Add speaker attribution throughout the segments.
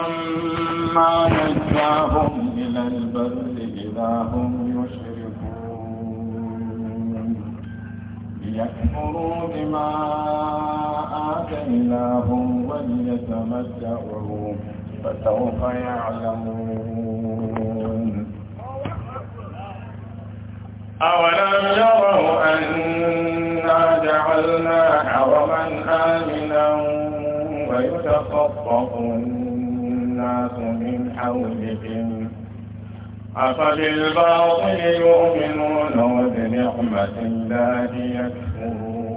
Speaker 1: فلما نجاهم إلى البر إذا هم يشركون ليكفروا بما آتيناهم وليتمتعوا فسوف يعلمون أولم يروا أنا جعلنا حرما آمنا ويتخطف حولهم أفبالباطل يؤمنون وبنعمة الله يكفرون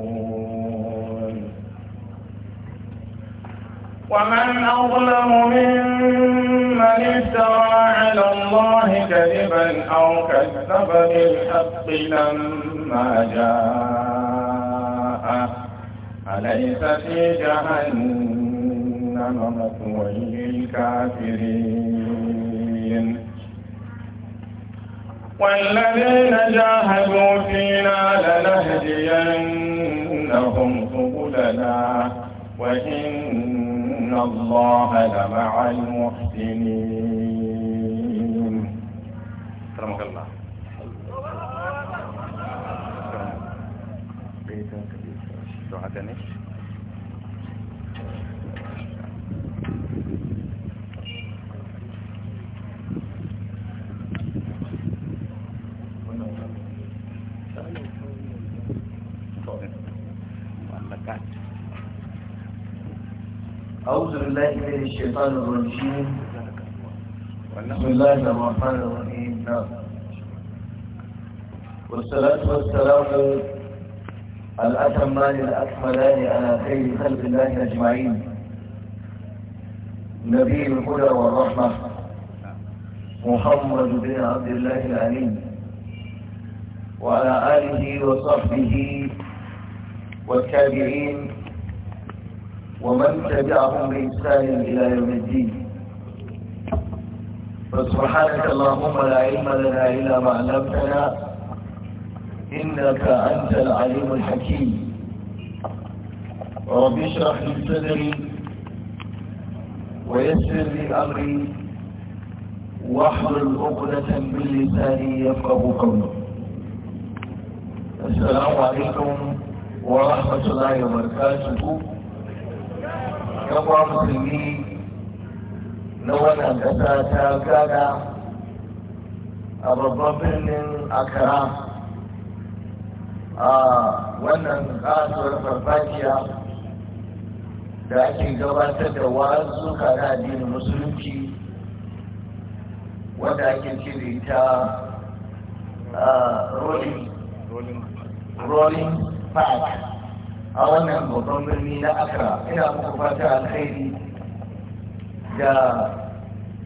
Speaker 1: ومن أظلم ممن افترى على الله كذبا أو كذب بالحق لما جاء أليس في جهنم مثوى للكافرين العالمين والذين جاهدوا فينا لنهدينهم سبلنا وإن الله لمع المحسنين رحمك الله شهدني
Speaker 2: أعوذ بالله من الشيطان الرجيم بسم الله الرحمن الرحيم نعم. والصلاة والسلام الأتمان الأكملان على خير خلق الله أجمعين نبي الهدى والرحمة محمد بن عبد الله العليم وعلى آله وصحبه والتابعين ومن تبعهم بإحسان إلى يوم الدين فسبحانك اللهم لا علم لنا إلا ما علمتنا إنك أنت العليم الحكيم رب اشرح لي صدري ويسر لي أمري واحلل عقدة من لساني يفقه قوله السلام عليكم ورحمة الله وبركاته kafa musulmi na wannan kasa ta gada a babban birnin akara a wannan kasuwar farfajiya da ake gabatar da wasu kada addinin musulunci wanda ake cire ta rolling rolling park a wannan babban birni na akra ina muku fata alkhairi da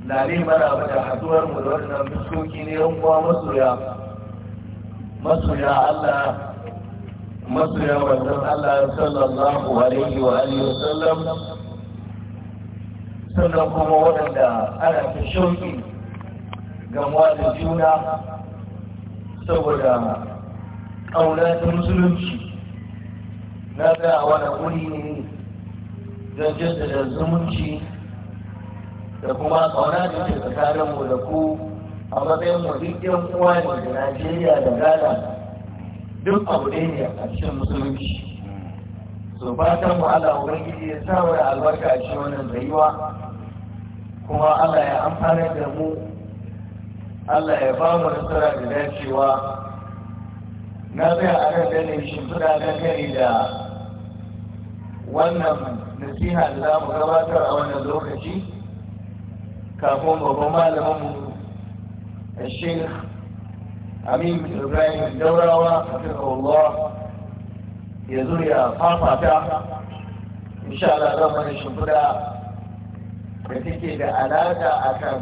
Speaker 2: lare maraba da haduwar mu da wannan fuskoki ne yan uwa masoya masoya Allah
Speaker 1: masoya wannan Allah sallallahu alaihi wa alihi wa sallam sannan kuma
Speaker 2: waɗanda ana ta shauki gamuwa da juna saboda ƙauna ta musulunci na tsaya wani wuri ne don jaddada zumunci da kuma ƙauna da ke tsakaninmu da ku a matsayin mu duk yan uwa ne da Najeriya da Ghana duk abu ne a cikin musulunci so fatan mu Allah ubangiji ya sa da albarka a cikin wannan rayuwa kuma Allah ya amfana da mu Allah ya ba mu nasara da dacewa na tsaya a ne shi shimfiɗa dangane da wannan nasiha da za mu gabatar a wannan lokaci kafin babban malaminmu a sheikh amin ibrahim daurawa a Allah ya zo ya fafata insha Allah zan mana shimfiɗa da take da alaƙa akan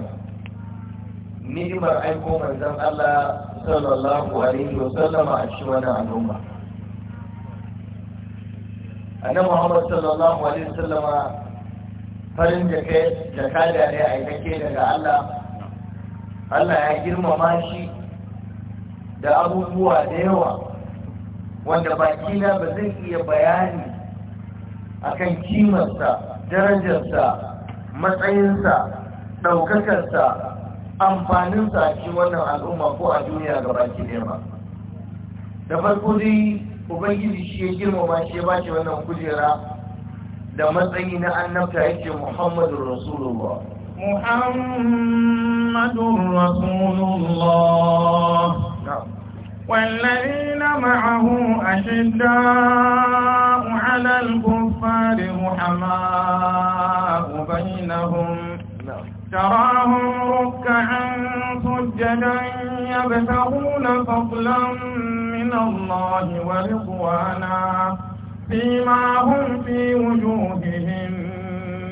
Speaker 2: ni'imar aiko manzon Allah sallallahu alaihi wa sallama a cikin wannan al'umma annabi Muhammad sallallahu alaihi sallama farin da ka da ne ke daga Allah Allah ya girmama shi da abubuwa da yawa wanda bakina ba zai iya bayani akan kimarsa darajarsa matsayinsa ɗaukakarsa amfaninsa a cikin wannan al'umma ko a duniya ga baki ɗaya ba da farko dai ubangiji shi ya girmama shi ya ba shi wannan kujera da matsayi na annabta yake muhammadu rasulullah
Speaker 1: muhammadu rasulullah والذين معه أشداء على الكفار رحماء بينهم تراهم ركعا سجدا يبتغون فضلا من الله ورضوانا فيما هم في وجوههم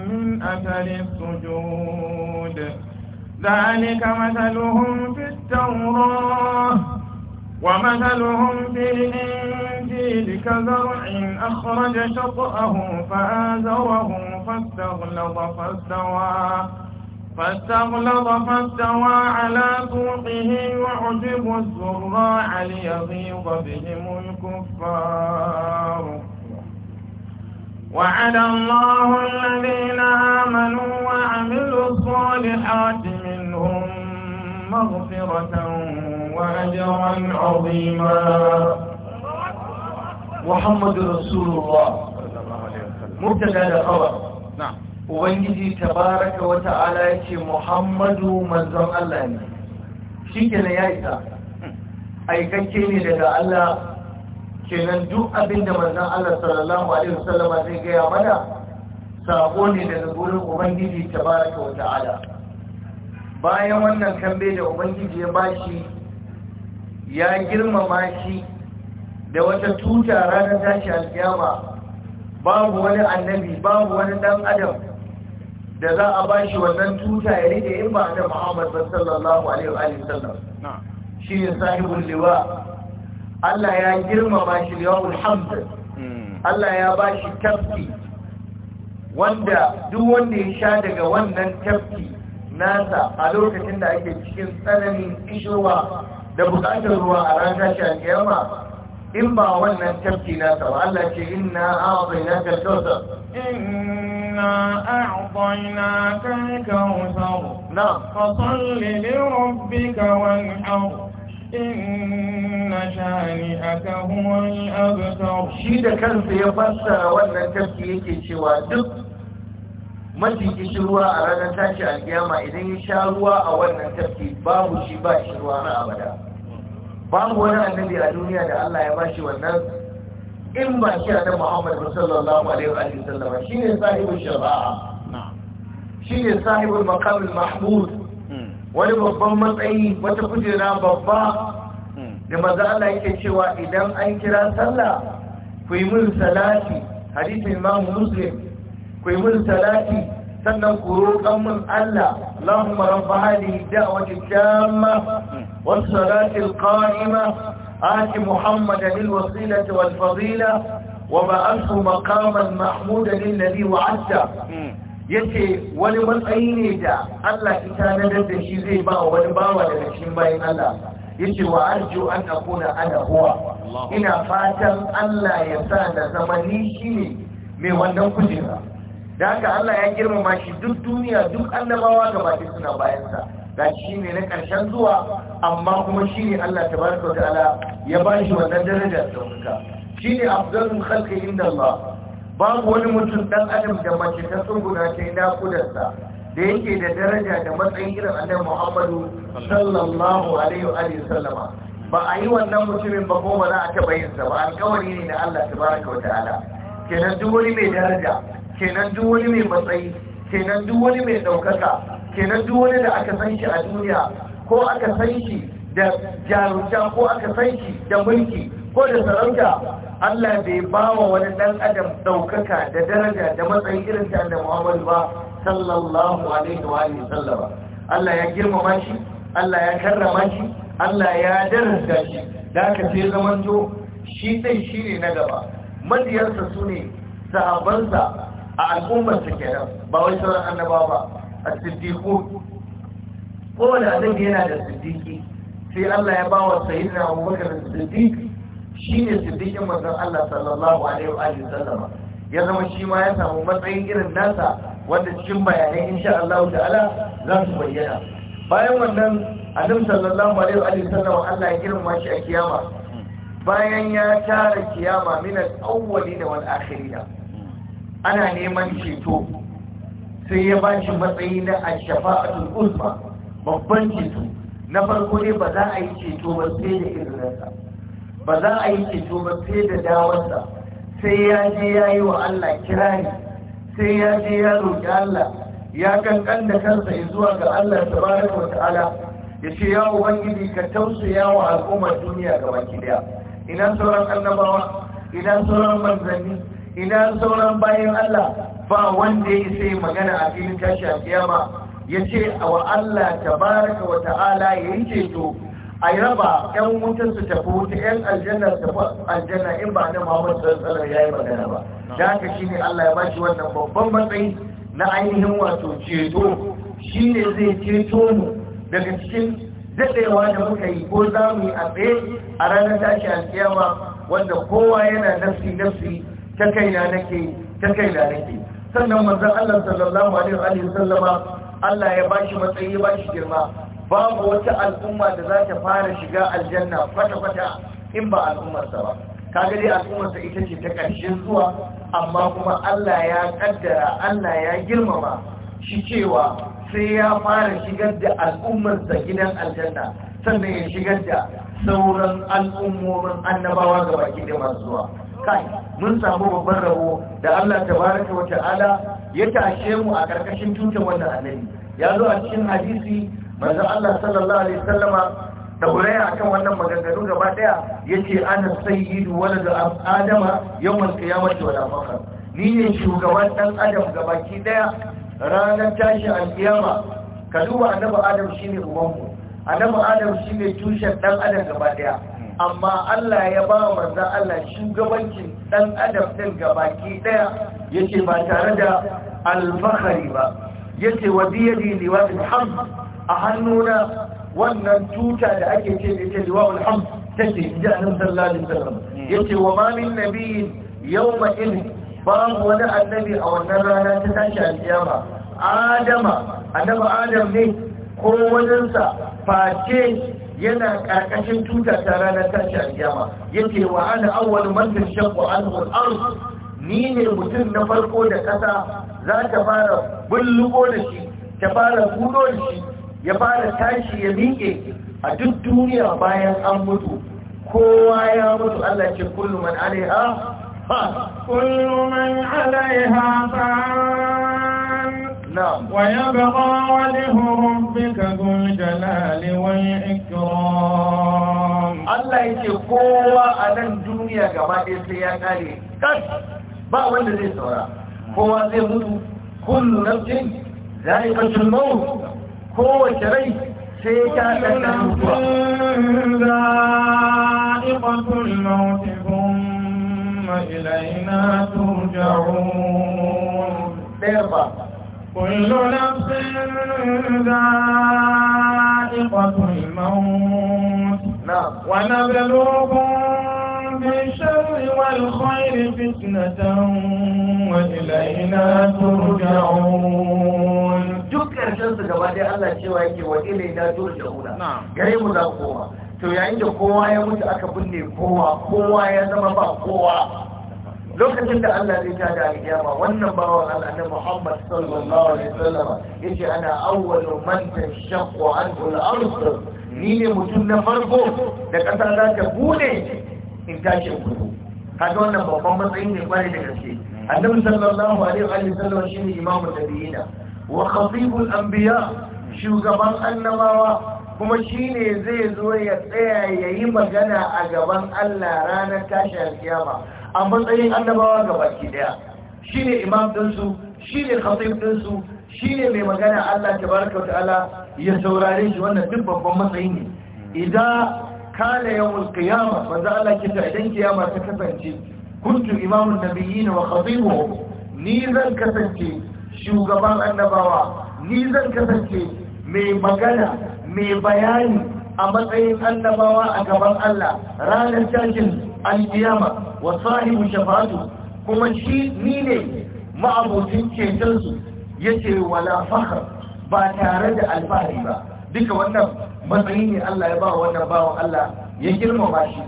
Speaker 1: من أثر السجود ذلك مثلهم في التوراة ومثلهم في الإنجيل كزرع أخرج شطأه فآزره فاستغلظ فاستوى فاستغلظ فاستوى على سوقه يعجب الزراع ليغيظ بهم الكفار وعد الله الذين آمنوا وعملوا الصالحات منهم مغفرة وأجرا عظيما محمد رسول الله
Speaker 2: مبتدا الخبر نعم ubangiji tabaraka wa ta'ala ce muhammadu manzon Allah ne na ya isa aikakke ne daga Allah kenan duk abinda manzon Allah sallallahu alaihi wasallam zai gaya mana sako ne daga gurin ubangiji tabaraka wa ta'ala bayan wannan kambe da ubangiji ya bashi ya girmama shi da wata tuta ranar tashi alkiyama babu wani annabi babu wani dan adam da za a ba shi wannan tuta ya rike in ba da Muhammad sallallahu alaihi wa sallam shi ne sahibul liwa Allah ya girmama shi liwa'ul hamd hmm. Allah ya ba shi tafki wanda duk wanda ya sha daga wannan tafki nasa a lokacin da ake cikin tsananin ishowa da bukatar ruwa a ranar tashi a kiyama in ba wannan tafki nasa ba Allah ce inna a'adina ka tawsa
Speaker 1: إنا أعطيناك الكوثر نعم فصل لربك وانحر إن شانئك هو الأبتر شيد كان في فسر ولا تبكيك سوى دب mafi kishirwa a ranar tashi
Speaker 2: alkiyama idan ya sha ruwa a wannan tafki babu shi ba shi ruwa na abada babu wani annabi a duniya da Allah ya bashi wannan in ba shi da Muhammad sallallahu alaihi wa sallam shine ne sahibul shafa'a shi ne sahibul maqamul mahmud hmm. wani babban matsayi wata kujera babba hmm. da maza Allah yake cewa idan an kira sallah ku yi mun salati hadisin Imam Muslim ku yi mun salati sannan ku roƙan mun Allah Allahumma rabb hadhihi da'wati tamma hmm. was salati al-qa'ima آت محمدا الوسيلة والفضيلة وبعثه مقاما محمودا الذي وعدته yace wani matsayi ne da Allah ki tanadar da shi zai ba wani bawa daga cikin bayan Allah yace wa arju an akuna ana huwa ina fatan Allah ya sa da zama ni shine mai wannan kujera da haka Allah ya girmama shi duk duniya duk annabawa gaba ɗaya suna bayan sa da shi ne na ƙarshen zuwa amma kuma shi ne Allah ta baraka wa ala, ya ba shi wannan daraja da wuka shi ne a afdalul khalqi inda Ba babu wani mutum ɗan adam da mace ta tsuguna ta yi kudarsa da yake da daraja da matsayin irin annan Muhammadu sallallahu alaihi wa sallama ba a yi wannan mutumin ba kuma za a taɓa yin sa ba alkawari ne da Allah ta baraka wa ta'ala kenan duk wani mai daraja kenan duk wani mai matsayi kenan duk wani mai ɗaukaka kenan duk wani da aka san shi a duniya ko aka san shi da jarumta ko aka san shi da mulki ko da sarauta Allah bai ba wa wani ɗan adam ɗaukaka da daraja da matsayin irin ta da Muhammad ba sallallahu alaihi wa alihi sallama Allah ya girmama shi Allah ya karrama shi Allah ya daraja shi da aka sai zamanto shi dai shi ne na gaba madiyarsa su ne sahabansa a al'ummarsa kenan ba wai sauran annabawa ba الصديقون هو الأبن هنا للصديقي في الله يباوى سيدنا أبو بكر الصديق شين الصديق مثل الله صلى الله عليه وآله وسلم يزم الشيما يسا ممتعين إلى الناس والتشم بيانه يعني إن شاء الله تعالى لا تبينه bayan wannan adam sallallahu alaihi wa alihi sallam Allah ya kirma shi a kiyama bayan ya tara kiyama min al-awwalin sai ya ba shi matsayi na a shafa'atul ulfa babban ceto na farko ne ba za a yi ceto ba sai da izinarsa ba za a yi ceto ba sai da dawarsa sai ya je ya yi wa Allah kirari sai ya je ya roƙi Allah ya kankan da kansa zuwa ga Allah tabaraka wa ta'ala ya ce ya ubangiji ka ya wa al'ummar duniya ga baki daya ina sauran annabawa ina sauran manzanni ina sauran bayan Allah ba wanda ya sai magana a filin tashi a kiyama ya ce wa Allah tabaraka wa ta'ala ya yi ceto a yaba ƴan wutan su tafi wuta ƴan aljanna tafi aljanna in ba na Muhammad sallallahu ya yi magana ba da haka ne Allah ya bashi wannan babban matsayi na ainihin wato ceto ne zai ceto mu daga cikin daɗewa da muka yi ko za mu yi a tsaye a ranar tashi alkiyama wanda kowa yana nafsi nafsi ta kaina nake ta kaina nake sannan manzon Allah sallallahu alaihi wa sallama Allah ya bashi matsayi ya bashi girma babu wata al'umma da za ta fara shiga aljanna kwata-kwata in ba al'ummarsa ba kaga dai al'ummarsa ita ce ta ƙarshen zuwa amma kuma Allah ya kaddara Allah ya girmama shi cewa sai ya fara shigar da al'ummarsa gidan aljanna sannan ya shigar da sauran al'ummomin annabawa ga baki da masu zuwa kai mun samu babban rabo da Allah tabaraka wa ta'ala ya tashe mu a karkashin tutar wannan annabi ya zo a cikin hadisi manzo Allah sallallahu alaihi wasallama da buraya akan wannan maganganu gaba daya yace ana sayyidu walad adam yawmal qiyamati wala fakhar ni ne shugaban dan adam gabaki daya ranar tashi alkiyama ka duba annabi adam shine ubanmu annabi adam shine tushen dan adam gaba daya amma Allah ya ba manzan Allah shugabancin ɗan adam ɗin gabaki ɗaya ya ce ba tare da alfahari ba ya ce wa biyadi liwa'ul ham a hannuna wannan tuta da ake ce da ita liwa'ul ham ta ce ji a nan sallalin sallam ya ce wa mamin nabiyin yau ba babu wani annabi a wannan rana ta tashi a kiyama adama adama adam ne ko wajensa face yana karkashin tutar ta ranar tashi aljama yake wa ana awwal man tashaqqu anhu al-ard ni ne mutum na farko da ƙasa za ta fara bullugo da shi ta fara budo da shi ya fara tashi ya miƙe a duk duniya bayan an mutu kowa ya mutu Allah ce kullu man alaiha ha
Speaker 1: kullu man alaiha fa نعم ويبقى وجه ربك ذو الجلال والإكرام الله يتقوى على الدنيا كما يسيا كالي كس بقى
Speaker 2: وين ذي سورة هو ذي كل نفس ذائقة الموت
Speaker 1: هو شري سيكا تتنبع ذائقة الموت ثم إلينا ترجعون كل نفس ذائقة الموت نعم ونبلوكم بالشر والخير فتنة وإلينا ترجعون dukkan shansu
Speaker 2: gaba dai Allah cewa yake wa ilaina turja'una gare mu za kowa to yayin da kowa ya mutu aka binne kowa kowa ya zama ba kowa lokacin da Allah zai ta da alƙiyama wannan bawan Allah na Muhammad sallallahu alaihi wasallam yace ana awwalu man tashaqqu anhu al-ard ni ne mutum na farko da ƙasa za ta bude in tashi kudu kaga wannan babban matsayin ne kwarai da gaske annabi sallallahu alaihi wasallam shine imamu nabiyina wa khatibul anbiya shugaban annabawa kuma shi ne zai zo ya tsaya ya yi magana a gaban Allah ranar tashi alkiyama a matsayin annabawa ga baki daya shine imam dinsu shine khatib shi ne mai magana Allah baraka wa ta'ala ya saurare shi wannan duk babban matsayi ne idan kana yawmul qiyamah fa za Allah kita idan kiyama ta kasance kuntu imamun nabiyyin wa khatibu ni zan kasance shugaban annabawa ni zan kasance mai magana mai bayani a matsayin annabawa a gaban Allah ranar tashin alkiyama wa sahibu kuma shi ni ne ma'abocin ceton su yace wala fakhr ba tare da alfahari ba duka wannan matsayi ne Allah ya ba wannan bawa Allah ya girmama shi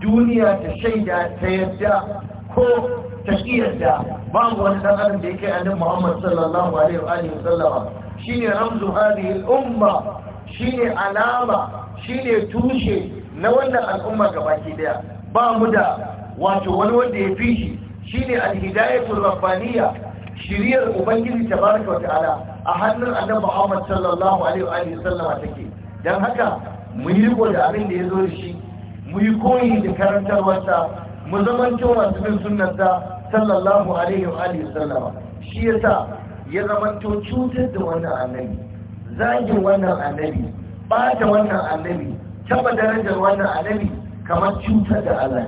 Speaker 2: duniya ta shaida ta yadda ko ta yarda babu wani dan adam da yake annabi Muhammad sallallahu alaihi wa alihi shi ne ramzu hadhihi Umma shi ne alama shine tushe na wannan al'umma gabaki daya ba mu da wato wani wanda ya fi shi shine ne hidayatul rabbaniyya shiriyar ubangiji tabaraka wa ta'ala a hannun annabi Muhammad sallallahu alaihi wa sallam take dan haka mu yi riko da abin da ya zo da shi mu yi koyi da karantarwarsa mu zaman cewa su bin sunnarsa sallallahu alaihi wa alihi sallama shi yasa ya zamanto cutar da wannan annabi zagin wannan annabi ɓata wannan annabi taba darajar wannan annabi kamar cutar da Allah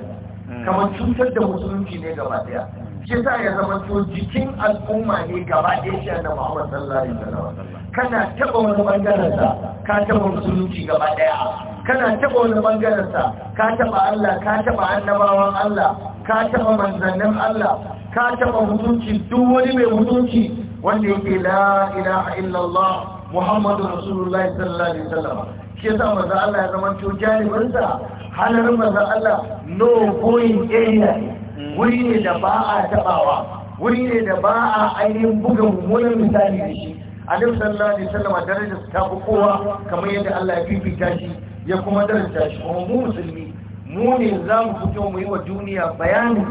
Speaker 2: kamar cutar da musulunci ne gaba daya shi sa ya zama to jikin al'umma ne gaba daya shi da Muhammad sallallahu alaihi wasallam kana taba wani bangaren sa ka taba musulunci gaba daya kana taba wani bangaren sa ka taba Allah ka taba annabawan Allah ka taba manzannin Allah ka taba mutunci duk wani mai mutunci wanda yake la ilaha illallah Muhammadu Rasulullahi sallallahu alaihi wasallam shi yasa manzo Allah ya zama to jalibinsa halar manzan Allah no going area wuri ne da ba a tabawa wuri ne da ba a ainihin buga wani misali da shi annabi sallallahu alaihi wasallam darajar ta fi kowa kamar yadda Allah ya fifita shi ya kuma daraja shi kuma mu musulmi mu ne za mu fito mu yi wa duniya bayanin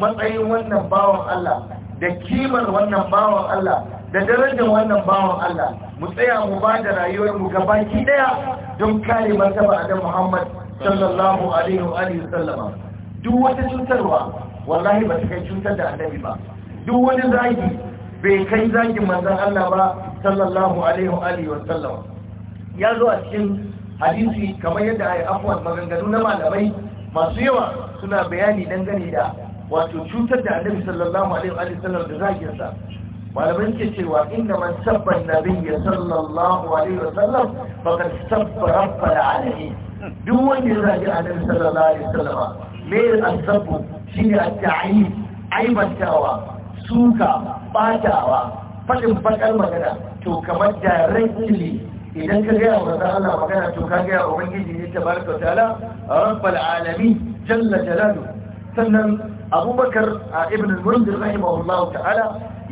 Speaker 2: matsayin wannan bawan Allah da kimar wannan bawan Allah da darajar wannan bawan Allah mu tsaya mu ba da rayuwar mu gabaki daya don kare martaba Adam Muhammad sallallahu alaihi wa sallama duk wata cutarwa wallahi ba ta kai cutar da annabi ba duk wani zagi bai kai zagin manzon Allah ba sallallahu alaihi wa sallama ya zo a cikin hadisi kamar yadda ai afwan maganganu na malamai masu yawa suna bayani dangane da wato cutar da annabi sallallahu alaihi wa sallam da zagin sa malamai ke cewa inda man sabban nabiyyi sallallahu alaihi wa sallam faqad sabba rabbal alamin duk wanda ya zagi annabi sallallahu alaihi wasallam shi ne a at-ta'ib aibantawa suka batawa fadin bakar magana to kamar da directly idan ka gaya wa zan Allah magana to ka gaya wa ubangiji ne tabaraka wa ta'ala rabbul alamin jalla jalaluhu sannan abubakar a ibn al-munzir rahimahullahu ta'ala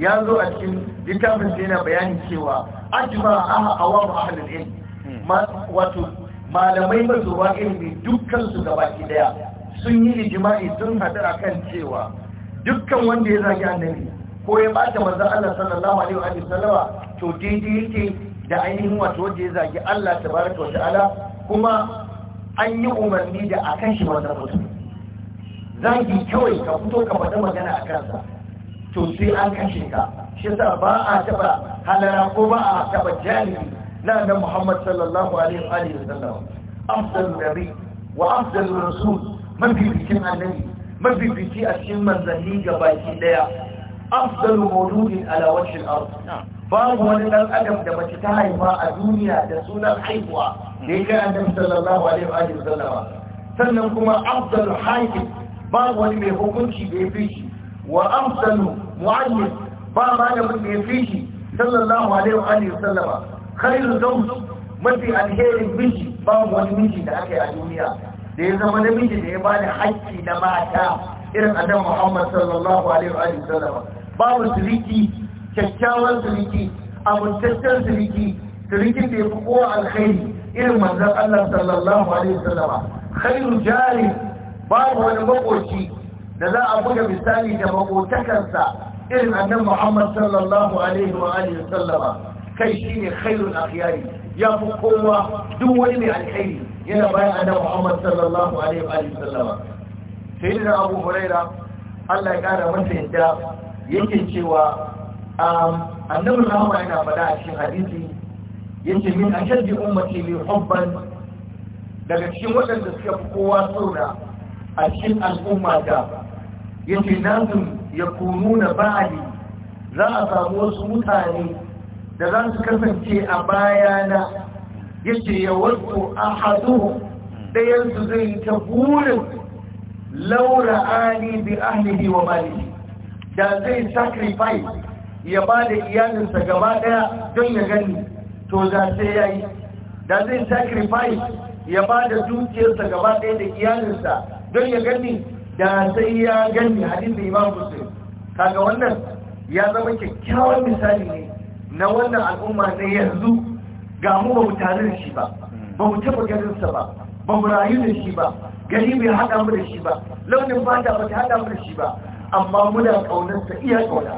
Speaker 2: ya zo a cikin littafin da yana bayani cewa ajma aha awam ahlul ilm hmm. wato malamai mazuwa ilimi dukkan su gabaki daya sun yi jima'i sun hadara kan cewa dukkan wanda ya zagi annabi ko ya bata maza Allah sallallahu alaihi wa sallama to daidai yake da ainihin wato wanda ya zagi Allah tabaraka wa ta'ala kuma an yi umarni da a kan shi wannan mutum zagi kawai ka fito ka bada magana a kansa to sai an kashe ka shi sa ba a taba halara ko ba a taba jami'i نعنى محمد صلى الله عليه وآله وسلم أفضل النبي وأفضل الرسول من في بيتنا النبي من في بيتي أشين من ذهيق بايتي ليا أفضل مولود على وجه الأرض نعم. باب ولد الأدم ده تتعي ما الدنيا ده الحيوة لك النبي صلى الله عليه وآله وسلم sannan أفضل afdalu hakim ba wani mai hukunci da ya fi من wa صلى الله عليه وآله وسلم khairu zawj mafi alherin miji babu wani miji da aka yi a duniya da ya zama namiji da ya ba bani haƙƙi na mata irin annabi Muhammad sallallahu alaihi wa sallam babu siriki kyakkyawan siriki amintaccen siriki sirikin da ya fi kowa alkhairi irin manzon Allah sallallahu alaihi wa sallam khairu jari babu wani makoci da za a buga misali da makotakarsa irin annabi Muhammad sallallahu alaihi wa sallam kai shine khairul akhyari ya fi kowa duk wani mai alkhairi yana bayan annabi Muhammad sallallahu alaihi wa sallama sayyidina Abu Huraira Allah ya kara masa yadda yake cewa um, annabi Muhammad yana faɗa a cikin hadisi yace min ashaddi ummati li hubban daga cikin waɗanda suka fi kowa sauna a cikin al'umma ta yace nasu yakununa ba'di za a samu wasu mutane da za su kasance a bayana ya ce ya wasu a haduhu ɗayensu zai ta burin laura ali bi ahlihi wa mali da zai sacrifice ya ba da iyalinsa gaba ɗaya don ya gani to za sai ya yi da zai sacrifice ya ba da dukiyarsa gaba ɗaya da iyalinsa don ya gani da sai ya gani hadin da imam muslim kaga wannan ya zama kyakkyawan misali ne na wannan al'umma na yanzu ga mu ba mu tare da shi ba ba mu taɓa ganinsa ba ba mu rayu da shi ba gari bai haɗa mu da shi ba launin fata ba ta haɗa mu da shi ba amma muna ƙaunarsa iya ƙauna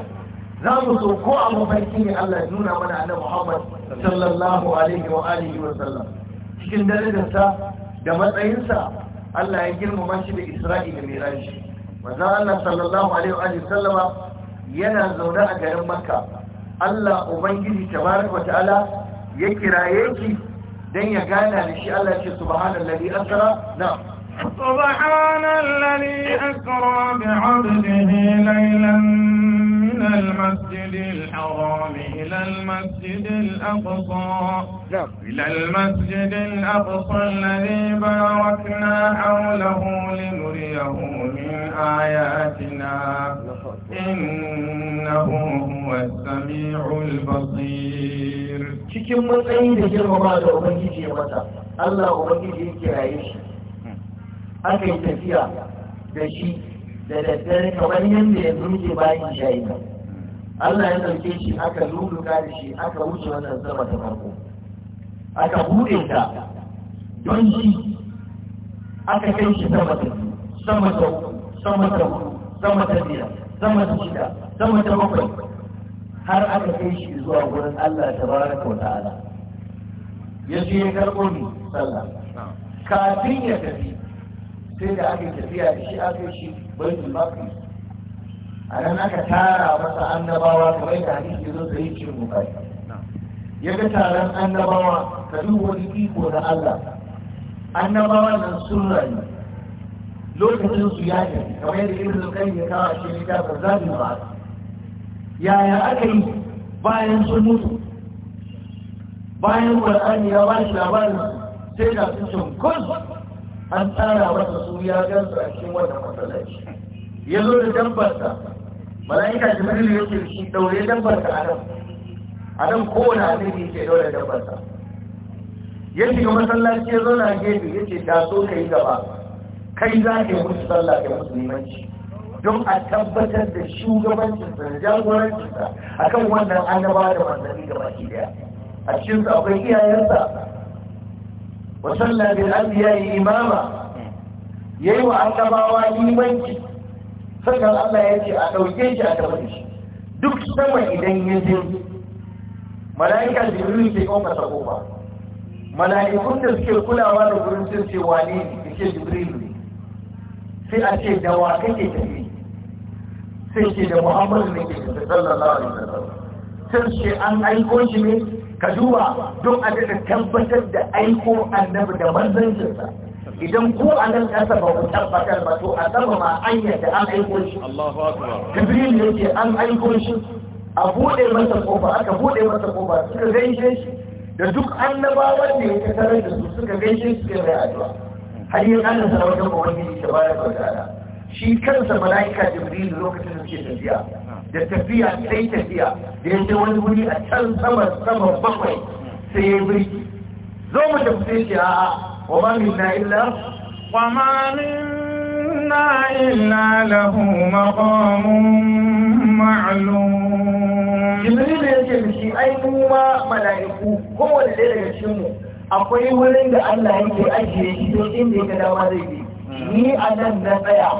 Speaker 2: za mu so ko a mafarki ne Allah nuna mana na Muhammad sallallahu alaihi wa alihi wa sallam cikin darajarsa da matsayinsa Allah ya girmama shi da Isra'i da Miraji manzo Allah sallallahu alaihi wa alihi sallama yana zaune a garin Makka Allah ubangiji tabaraka wa ta'ala ya kiraye ki dan ya gana da shi Allah ce subhanallahi asra na'am
Speaker 1: سبحان الذي أسرى بعبده ليلا من المسجد الحرام إلى المسجد الأقصى إلى المسجد الأقصى الذي باركنا حوله لنريه من آياتنا إنه هو السميع البصير cikin matsayin da girmama da ubangiji
Speaker 2: ya mata Allah ubangiji ya kiraye shi aka yi tafiya da shi da daddare kamar yadda ya muke bayan shayi nan Allah ya ɗauke shi aka lulluka da shi aka wuce wannan sama ta farko aka buɗe ta don shi aka kai shi sama ta biyu sama ta uku sama ta huɗu, sama ta biyar sama ta shida sama ta bakwai har aka kai shi zuwa wurin Allah ta baraka wa ta'ala ya je ya karɓo ni sallah kafin ya tafi sai da aka tafiya da shi aka shi baitul maqdis a nan aka tara masa annabawa kamar da hadisi zo sai shi bukai ya ga taron annabawa ka duk wani iko na Allah annabawan nan sun rayu lokacin su ya tafi kamar yadda ibnu kai ya kawo shi ne ta zabi ba yaya aka yi bayan sun mutu bayan Qur'ani ya ba shi labarin sai da su sun kun an tsara masa su ya gansu a cikin wannan masallaci ya zo da dambarsa mala'ika jibril ya ce shi daure dambarsa a nan a nan kowane annabi ke daure dambarsa ya shiga masallaci ya zauna gefe ya ce ta so ka yi gaba kai za ka yi musu sallah ka musu limanci don a tabbatar da shugabancinsa da jagorancinsa a kan wannan annaba da manzanni gaba ke daya a cikinsu akwai iyayensa wa salla bil yi imama yayi wa annabawa limanci sakan Allah ya ce a ɗauke shi a tabbata shi duk sama idan ya je malaika jibril ke kofa ta kofa malaikun da suke kulawa da gurin sun ce wane ne ke jibril ne sai a ce da wa kake tafi sai ce da muhammadu ne ke tafi sallallahu alaihi wasallam sai ce an aiko shi ne ka duba don a daga tabbatar da aiko annabi da manzancinsa idan ko a nan kasa ba ku tabbatar ba to a sama ma an yadda an aiko shi jibril ne ke an aiko shi a buɗe masa kofa aka buɗe masa kofa suka gaishe shi da duk annabawan da ya tare da su suka gaishe shi suka mai addu'a har yin an sarautar ba wani ne bayar da shi kansa mala'ika jibril lokacin da suke tafiya da tafiya sai tafiya da ya wani wuri a can sama sama bakwai sai
Speaker 1: ya birki zo mu tafi sai a'a wa ma min na illa wa ma min na illa lahu maqamun ma'lum jibril ya ce mishi ai mu ma mala'iku kowanne
Speaker 2: daga cikin mu akwai wurin da Allah yake ajiye shi don inda ya dama zai bi ni a nan na tsaya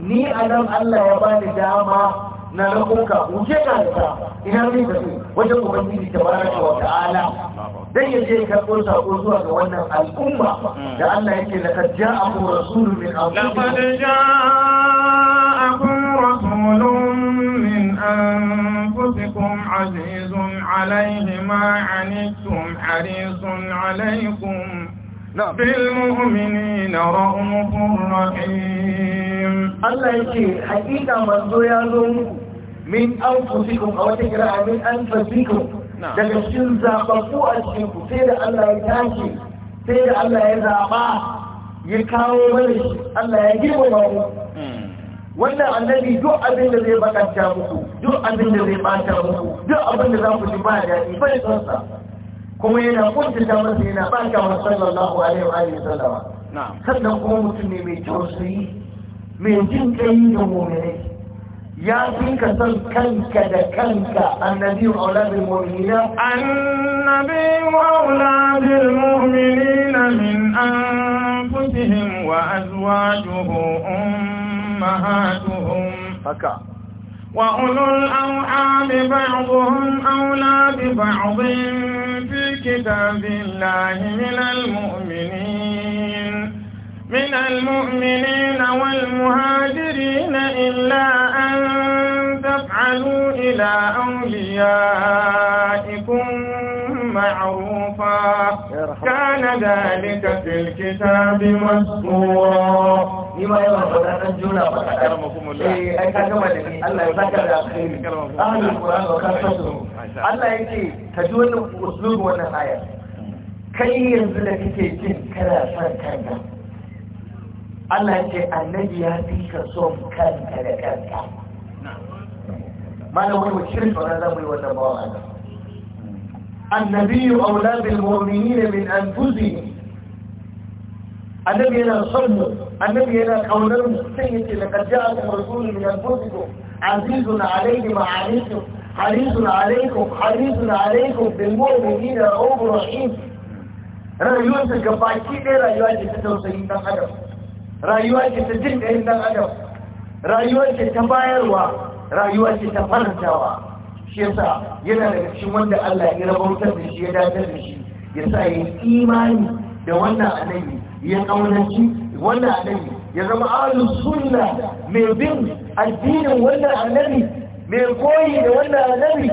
Speaker 2: ni a nan Allah ya bani dama na rabuka wuce ka da ina zai tafi wajen ubangiji ta baraka wa ta'ala dan ya je karɓo sako zuwa ga wannan al'umma da Allah yake laqad ja'akum rasulun min
Speaker 1: anfusikum laqad ja'akum rasulun min anfusikum azizun alayhi ma anittum harisun alaykum بالمؤمنين رؤوف رحيم الله يجي حقيقة منذ يالهم
Speaker 2: من أنفسكم أو تقرأ من أنفسكم daga cikin zaɓaɓɓu a cikinku sai da Allah ya tashi sai da Allah ya zaɓa ya kawo Allah ya girmama mu hmm. wannan annabi duk abin da zai bakanta muku duk abin da zai bata muku duk abin da za ku ji ba daɗi ba da kuma yana kuntata masa yana baka wa sallallahu alaihi wa alihi sallama sannan kuma mutum ne mai tausayi mai jin kai da mu'mini ya fi ka san
Speaker 1: kanka da kanka annabi wa auladul mu'minina annabi wa auladul mu'minina min anfusihim wa azwajuhu ummahatuhum haka وأولو الأوحام بعضهم أولى ببعض في كتاب الله من المؤمنين من المؤمنين والمهاجرين إلا أن تفعلوا إلى أوليائكم معروفا كان ذلك في الكتاب مذكورا لما يرى الجنة الله أي Allah ya
Speaker 2: ce ji wannan wannan kai yanzu da kake jin Allah ce annabi ya fi ka son kanka da kanka malam wani shirka wannan zamu yi wannan bawan Allah النبي أولى بالمؤمنين من أنفسهم النبي هنا صلوا النبي هنا قولا مستهد لقد جاءكم رسول من أنفسكم عزيز عليه ما عليكم حريص عليكم حريص عليكم بالمؤمنين رؤوف رحيم رأيوان تجباكي دي إيه رأيوان تتوسعين دان أدب رأيوان تتجن دان أدب رأيوان تتباير و رأيوان تتفرد و رأيوان تتفرد shi yasa yana daga cikin wanda Allah ya rabautar da shi ya dace da shi ya sa ya imani da wannan annabi ya kaunaci wannan annabi ya zama ahlus sunna mai bin addinin wannan annabi mai koyi da wannan annabi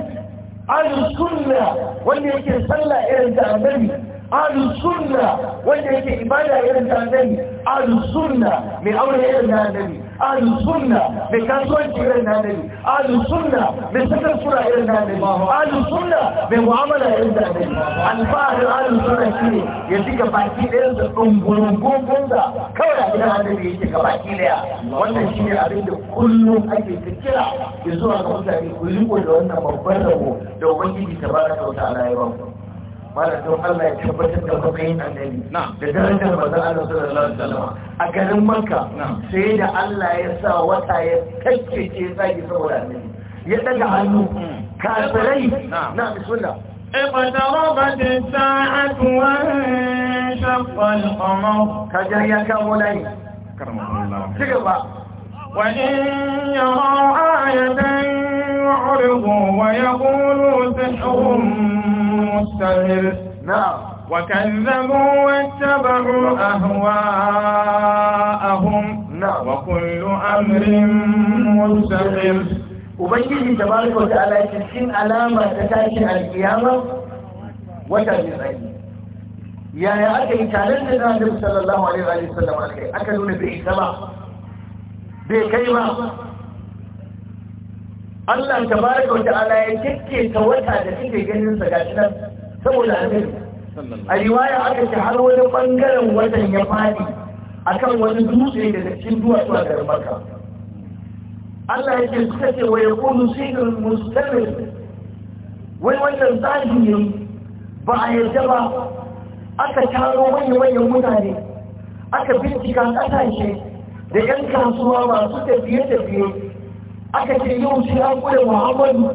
Speaker 2: ahlus sunna wanda yake sallah irin ta annabi ahlus sunna wanda yake ibada irin ta annabi ahlus sunna mai aure irin ta annabi ahlus sunna mai kasuwanci irin na annabi sunna mai sakar sura irin na annabi sunna mai mu'amala irin na annabi alfahar ahlus sunna shine ya ga baki ɗaya da ɗungurungun da kawai a gidan da yake ga baki daya wannan shine abin da kullum ake ta kira ya zuwa ga mutane ku riko da wannan babban rabo da ubangiji ta ba na ya a mu malam don Allah ya tabbatar da matsayin annabi da darajar manzon Allah sallallahu alaihi wasallam a garin Makka sai da Allah ya sa wata ya takkece tsaki saboda annabi ya
Speaker 1: daga hannu kafirai na bismillah اقتربت الساعة وانشق القمر كجر يا كامولي كرمك الله تقبع وإن يروا آية يعرضوا ويقولوا سحر مستهر نعم. وكذبوا واتبعوا أهواءهم نعم. وكل أمر مستقر أبيه
Speaker 2: تبارك وتعالى تسين علامة تتاكي القيامة وتجد يا يا أكي تعلن النبي صلى الله عليه وسلم أكلوا أكدون بإيسابة بكيما Allah ta bari da wata ala ya kekke ta wata da kike ganin sa gashi nan saboda annabi a riwaya aka ce har wani bangaren watan ya fadi akan wani dutse da cikin duwatsu zuwa garin Makka Allah ya ce suka ce wa yakunu sirrul mustamil wai wannan zahiri ba a yarda ba aka taro manyan mutane aka bincika kasashe da 'yan kasuwa masu tafiye-tafiye aka ce yau shi an kuɗe muhammadu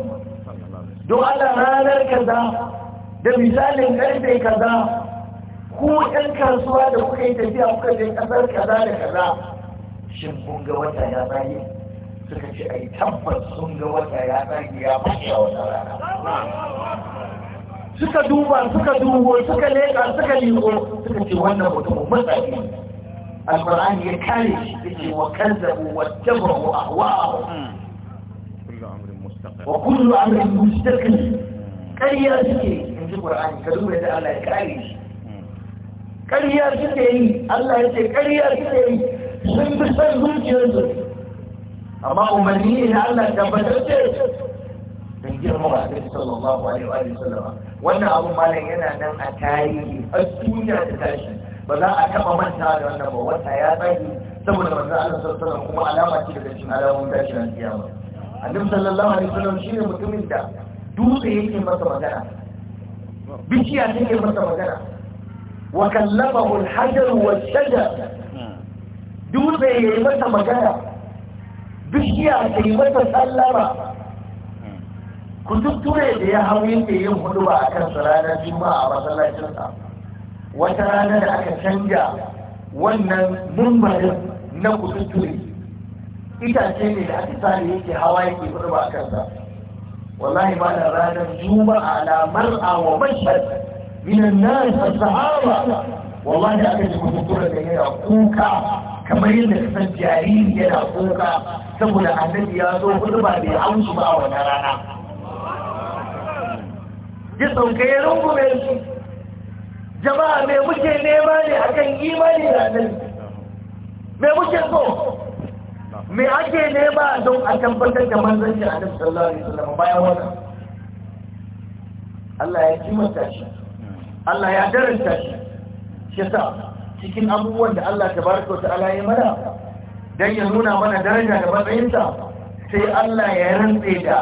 Speaker 2: don ana ranar kaza da misalin ƙarfe kaza ku ɗan kasuwa da kuka yi tafiya kuka je ƙasar kaza da kaza shin kun ga wata ya tsage suka ce ai tabbas sun ga wata ya tsage ya fashe a wata rana suka duba suka dubo suka leƙa suka liƙo suka ce wannan mutum matsayi alƙur'ani ya kare shi ya ce wa kazzabu wa tabahu ahwa'ahum wa kullu amrin mustaqim ƙarya suke in ji qur'ani ka duba da Allah ya kare shi ƙarya suke yi Allah ya ce ƙarya suke yi sun bi san zuciyarsu amma umarni ne na Allah tabbatacce don girma ba sai sallallahu alaihi wa sallama wannan abu malam yana nan a tarihi a duniya ta tashi ba za a taɓa manta da wannan ba wata ya tsage saboda manzo Allah sallallahu alaihi wa sallam kuma alama ce daga cikin alamomin tashin alƙiyama annabi sallallahu alaihi wasallam shine mutumin da dutse yake masa magana bishiya take masa magana wa kallamahu al-hajar wa shajar dutse yayi masa magana bishiya ta yi masa sallama kututture da ya hau yake yin hudu ba a kan ranar juma'a a masallacinsa wata rana da aka canja wannan mumbarin na kututture itace ne da aka ne yake hawa yake furba a kansa wallahi ba da ranar juma'a la mar'a wa bashar min an-nas as-sahaba wallahi aka ji kuma da yana kuka kamar yadda ka san jariri yana kuka saboda annabi ya zo furba bai hausu ba a wannan rana ya sauka ya rungume shi jama'a me muke nema ne akan imani da annabi me muke so me ake nema don a tabbatar da manzanci a nan sallallahu alaihi wasallam bayan wannan Allah ya kimanta shi Allah ya daranta shi shi sa cikin abubuwan da Allah tabaraka wa ta'ala ya mana don ya nuna mana daraja da matsayinsa sai Allah ya rantse da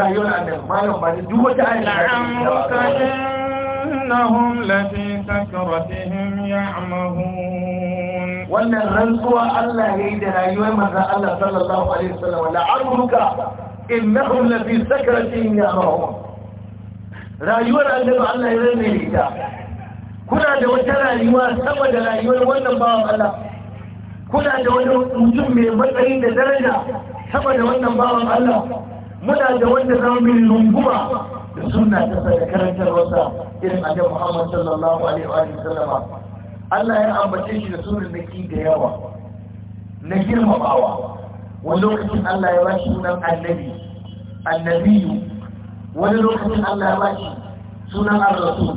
Speaker 1: rayuwar annabi malam ba duk wata ayata annahum lafi sakratihim ya'mahun wannan rantsuwa Allah
Speaker 2: ya yi da rayuwar manzan Allah sallallahu Alaihi wasallam da amurka innahum lafi sakaratin ya rahama rayuwar annabi Allah ya rame ita kuna da wata rayuwa sama da rayuwar wannan bawan Allah kuna da wani mutum mai matsayi da daraja sama da wannan bawan Allah muna da wanda za mu lunguma da sunna ta sadakarantar wasa irin annabi Muhammad sallallahu alaihi wa sallama Allah ya ambace shi da sunan naki da yawa na girmamawa wani lokacin Allah ya bashi sunan annabi annabiyu wani lokacin Allah ya bashi sunan ar-rasul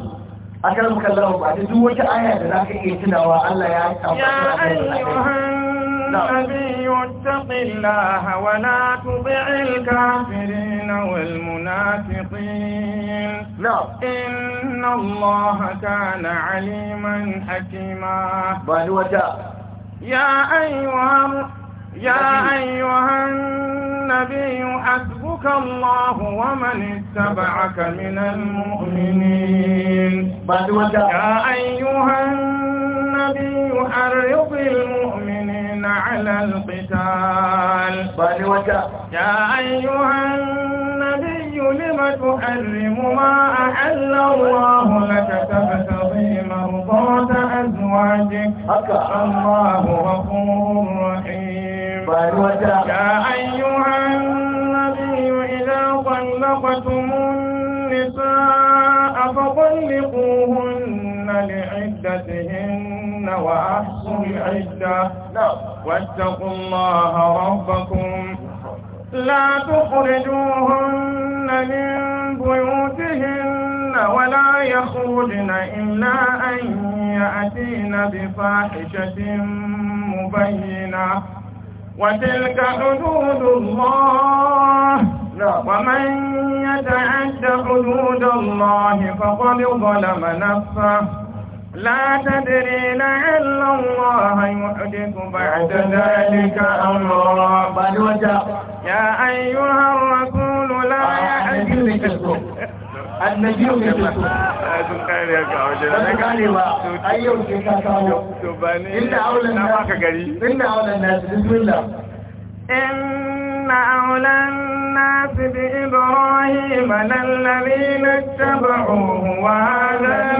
Speaker 2: akan kallon ba duk wata aya da zaka iya tunawa Allah ya ambace shi
Speaker 1: النبي نعم. اتق الله ولا تطع الكافرين والمنافقين نعم إن الله كان عليما حكيما بل وجاء يا أيها يا أيها النبي حسبك الله ومن اتبعك من المؤمنين يا أيها النبي حرض المؤمنين على القتال يا أيها النبي لم تحرم ما أحل الله لك تبتغي مرضات أزواجك الله غفور رحيم يا أيها النبي إذا طلقتم النساء فطلقوهن لعدتهن وأحصوا العدة واتقوا الله ربكم لا تخرجوهن من بيوتهن ولا يخرجن إلا أن يأتين بفاحشة مبينة وتلك حدود الله نعم. ومن يتعد حدود الله فقد ظلم نفسه لا تدري لعل الله يحدث بعد ذلك أمرا بل وجاء يا أيها الرسول لا يحدث النجوم الناس بإبراهيم الذين اتبعوه وهذا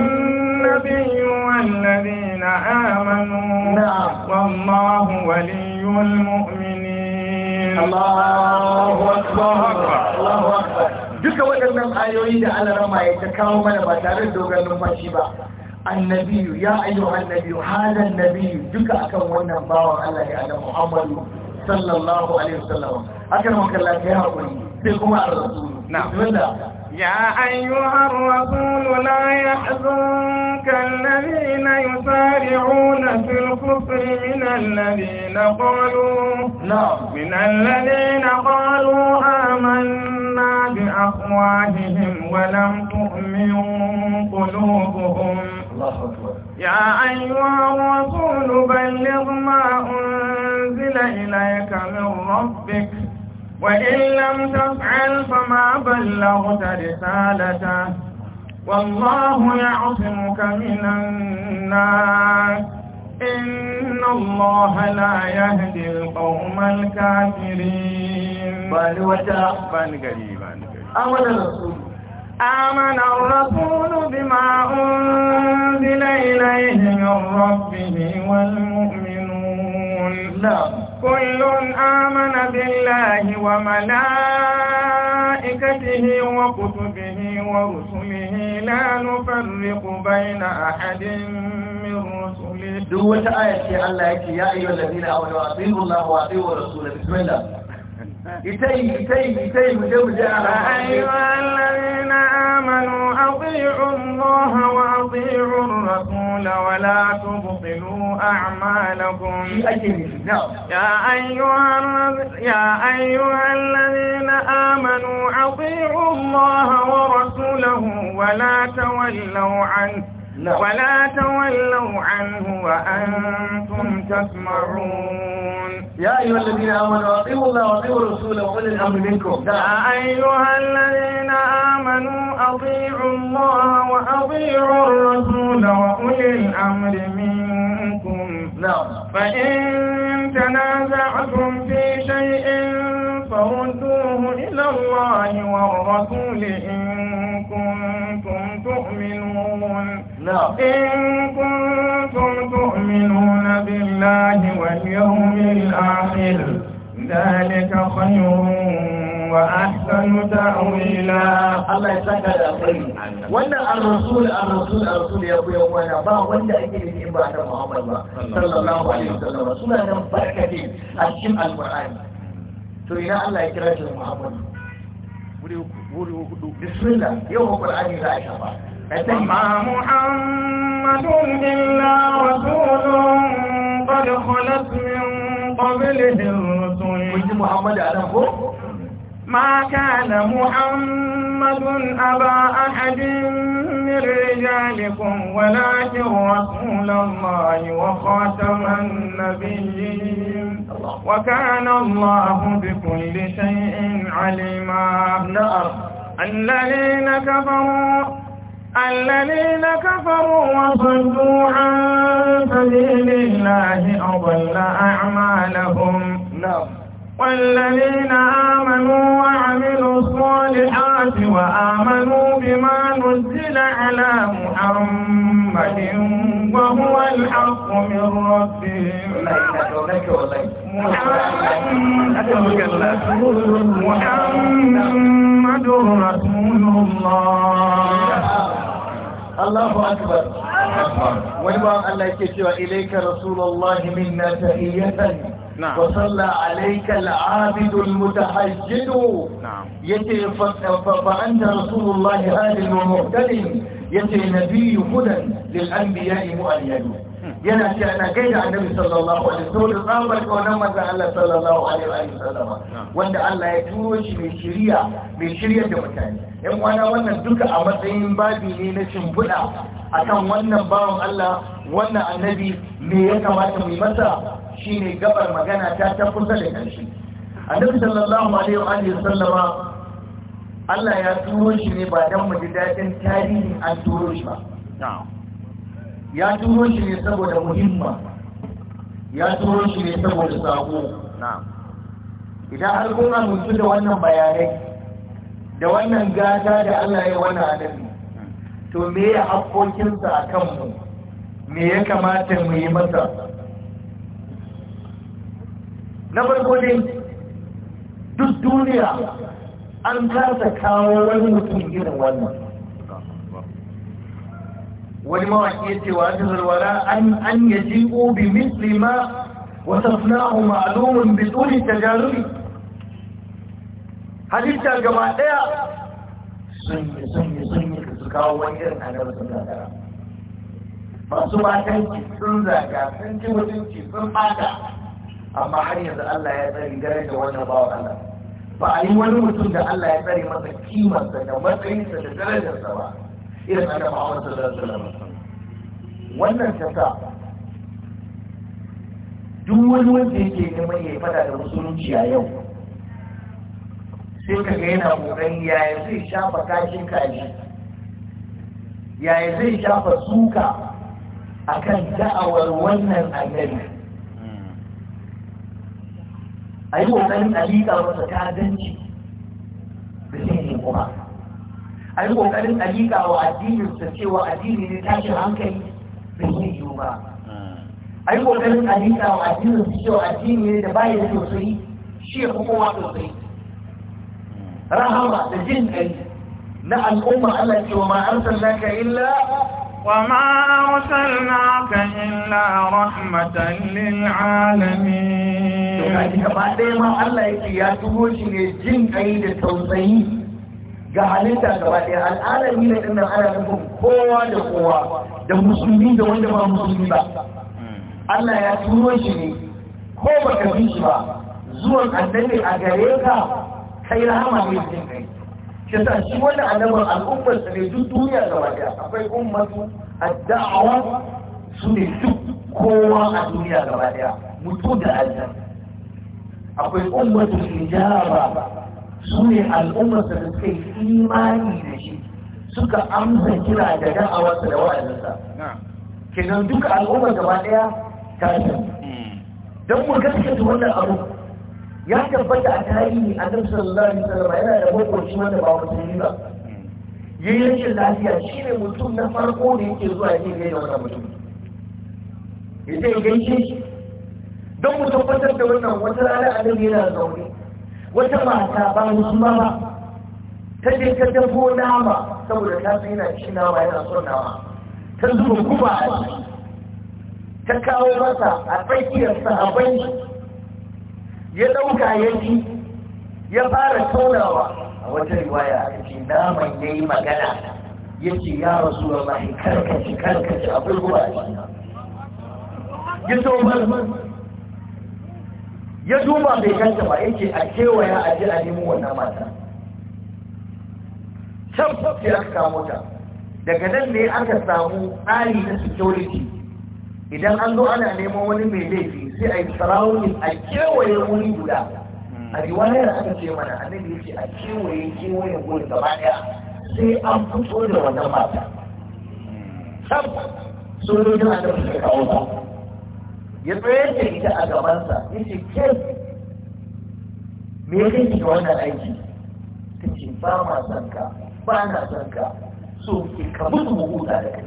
Speaker 1: النبي والذين آمنوا نعم. والله ولي المؤمنين الله أكبر الله أكبر duka waɗannan ayoyi da alarama ya ta kawo mana ba tare da dogon numfashi ba
Speaker 2: annabiyu ya ayyu annabiyu hadan nabiyu duka akan wannan bawan Allah ya da Muhammadu sallallahu alaihi wasallam akan makalla kai hakuri sai kuma ar-rasul
Speaker 1: na ya ayyuhar rasul la yahzun الذين يسارعون في الكفر من الذين قالوا نعم. من الذين قالوا آمنا بأفواههم ولم تؤمن قلوبهم يا أيها الرسول بلغ ما أنزل إليك من ربك وإن لم تفعل فما بلغت رسالته والله يعصمك من الناس إن الله لا يهدي القوم الكافرين بل وتأبا قريبا أول الرسول آمن الرسول بما أنزل إليه من ربه والمؤمنون لا نعم. كل آمن بالله وملائكته وكتبه ورسله لا نفرق بين أحد من رسله دوة آية الله
Speaker 2: يا أيها الذين آمنوا أطيعوا الله وأطيعوا الرسول بسم الله
Speaker 1: يتي يتي يتي مجوزة أيها الذين آمنوا أطيعوا الله وأطيعوا الرسول ولا تبطلوا أعمالكم نعم. يا أيها يا أيها الذين آمنوا أطيعوا الله ورسوله ولا تولوا عنه نعم. ولا تولوا عنه وأنتم تسمعون يا أيها الذين آمنوا أطيعوا الله وأطيعوا الرسول وأولي الأمر منكم يا أيها الذين آمنوا أطيعوا الله وأطيعوا الرسول وأولي الأمر منكم نعم فإن تنازعتم في شيء فردوه إلى الله والرسول إن كنتم تفلحون إن كنتم تؤمنون بالله واليوم الآخر ذلك خير وأحسن تأويلا الله يسعدك يا خير وانا الرسول الرسول الرسول يا ابو
Speaker 2: يوم وانا با وانا اجل الإمام محمد صلى الله عليه وسلم رسولنا أنا بركة الشمع القرآن تريد الله يكرا محمد
Speaker 1: wuri hudu
Speaker 2: bismillah yau ba qur'ani za a shafa وما
Speaker 1: محمد إلا رسول قد خلت من قبله الرسل ما كان محمد أبا أحد من رجالكم ولكن رسول الله وخاتم النبيين وكان الله بكل شيء عليما نعم. الذين كفروا الذين كفروا وصدوا عن سبيل الله أضل أعمالهم نعم والذين آمنوا وعملوا الصالحات وآمنوا بما نزل على محمد وهو الحق من ربهم محمد رسول الله الله أكبر
Speaker 2: ونبع أن يكتب إليك رسول الله منا تهية وصلى عليك العابد المتحجد فأنت رسول الله هذا المهتدم يتي نبي هدى للأنبياء مؤيدون yana ce ana gaida annabi sallallahu alaihi wasallam tsabar kaunar manzon Allah sallallahu alaihi wasallam wanda Allah ya turo shi mai shiriya mai shiryar da mutane yan wana wannan duka a matsayin babi ne na shimfiɗa akan wannan bawan Allah wannan annabi me ya kamata mu yi masa shine gabar magana ta ta kusa da ƙarshe annabi sallallahu alaihi wasallama Allah ya turo shi ne ba dan mu ji dadin tarihin an turo shi ba ya turo shi ne saboda muhimma ya turo shi ne saboda sako idan har kun amintu da wannan bayanai da wannan gata da Allah ya wani annabi to me ya hakkokinsa a kanmu me ya kamata mu yi masa na farko ne duk duniya an kasa kawo wani mutum irin wannan wani mawaki ya ce wa ajiyar wara an an ya ji obi misli ma wata suna'u ma'alumin bituni ta jarumi halitta gaba ɗaya sun yi sun yi sun yi su kawo wani irin annabi sun gagara masu matanci sun zaga sun ci mutunci sun bata amma har yanzu Allah ya tsari gare da wannan bawa Allah ba a yi wani mutum da Allah ya tsari masa kimarsa da matsayinsa da darajarsa ba irin wannan ta sa duk wani wanda yake neman ya fada da musulunci a yau sai ka ga yana kokarin yaya zai shafa kashin kaji yaya zai shafa suka kan da'awar wannan annabi a yi kokarin alika masa zanci, da sai ne kuma a yi kokarin a liƙa wa addinin sa cewa addini ne tashin hankali bai yi yiwu ba a yi kokarin a liƙa wa addinin sa cewa addini ne da bayan sosai shi ya fi kowa sosai rahama da jin
Speaker 1: kai na al'umma Allah cewa ma arsalnaka illa وما أرسلناك إلا رحمة للعالمين. بعد ما الله يتياتوه شيء جن أيد التوصيل
Speaker 2: ga halitta gaba ɗaya al'adar yi na ɗinnan ana nufin kowa da kowa da musulmi da wanda ba musulmi ba Allah ya turo shi ne ko ba ka bi shi ba zuwan annabi a gare ka kai rahama ne cikin kai shi sa shi wannan annabar al'ummar sa ne duk duniya gaba ɗaya akwai ummatu a da'awa su ne duk kowa a duniya gaba ɗaya mutum da aljan akwai ummatu ba. su ne al'ummar da suka yi imani da shi suka amsa kira da da'awarsa da wa'azinsa kenan duka al'ummar gaba daya ta yi hmm. don mu gaskata wannan abu ya tabbata a tarihi a nan sallallahu alaihi wasallam yana da makoci wanda ba musulmi ba hmm. Yi rashin lafiya shine mutum na farko da yake zuwa yake gaida wannan mutum ya ce gaishe shi don mu tabbatar da wannan wata rana a nan yana zaune wata mata ba musulma ba ta je ta dafo nama saboda ta san yana cikin nama yana son nama ta zuba guba ta kawo masa a tsakiyarsa a ya ɗauka ya ji ya fara taunawa a wata riwaya a ce naman ya yi magana ya ce ya rasu da mahi karkashi a gurguwa ya so ya duba bai kanta ba yake a kewaya a ji a nemo wannan mata can sai aka kamo ta daga nan ne aka samu tsari na security idan an zo ana neman wani mai laifi sai a yi surrounding a kewaye wuri guda hmm. a riwayar aka ce mana annabi yake a kewaye kewaye wuri gaba daya sai an fito da wannan mata sam hmm. sojojin annabi suka kawo ta ya zo ya ce ita a gabansa ya ce ke me kai ki wannan aiki ta ce ba ma son ba na son ka so ki ka mutu mu huta da kai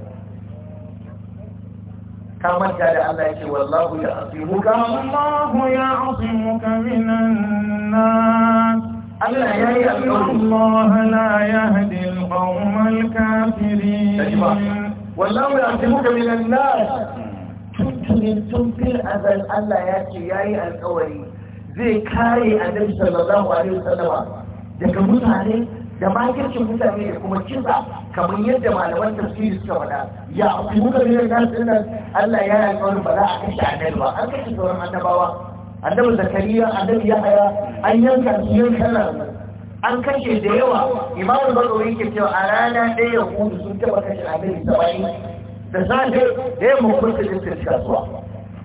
Speaker 2: ka manta da Allah ya ce wallahu ya
Speaker 1: asimuka wallahu ya asimuka minan nas Allah ya yi alƙawari Allah la yahdi al-qawma al-kafirin wallahu ya asimuka minan nan. ne tun fil
Speaker 2: azal Allah ya ce ya yi alkawari zai kare annabi sallallahu alaihi wasallama daga mutane da makircin mutane da kuma kisa kamar yadda malaman tafsiri suka faɗa ya ku muka ne na nasu Allah ya yi alkawarin ba za a kashe annabi ba an kashe sauran annabawa annabi zakariya annabi yahaya an yanka su yankan an kashe da yawa imamu bazawi yake cewa a rana ɗaya hudu sun taɓa kashe annabi saba'in da safe da yamma kurka jin kirki kasuwa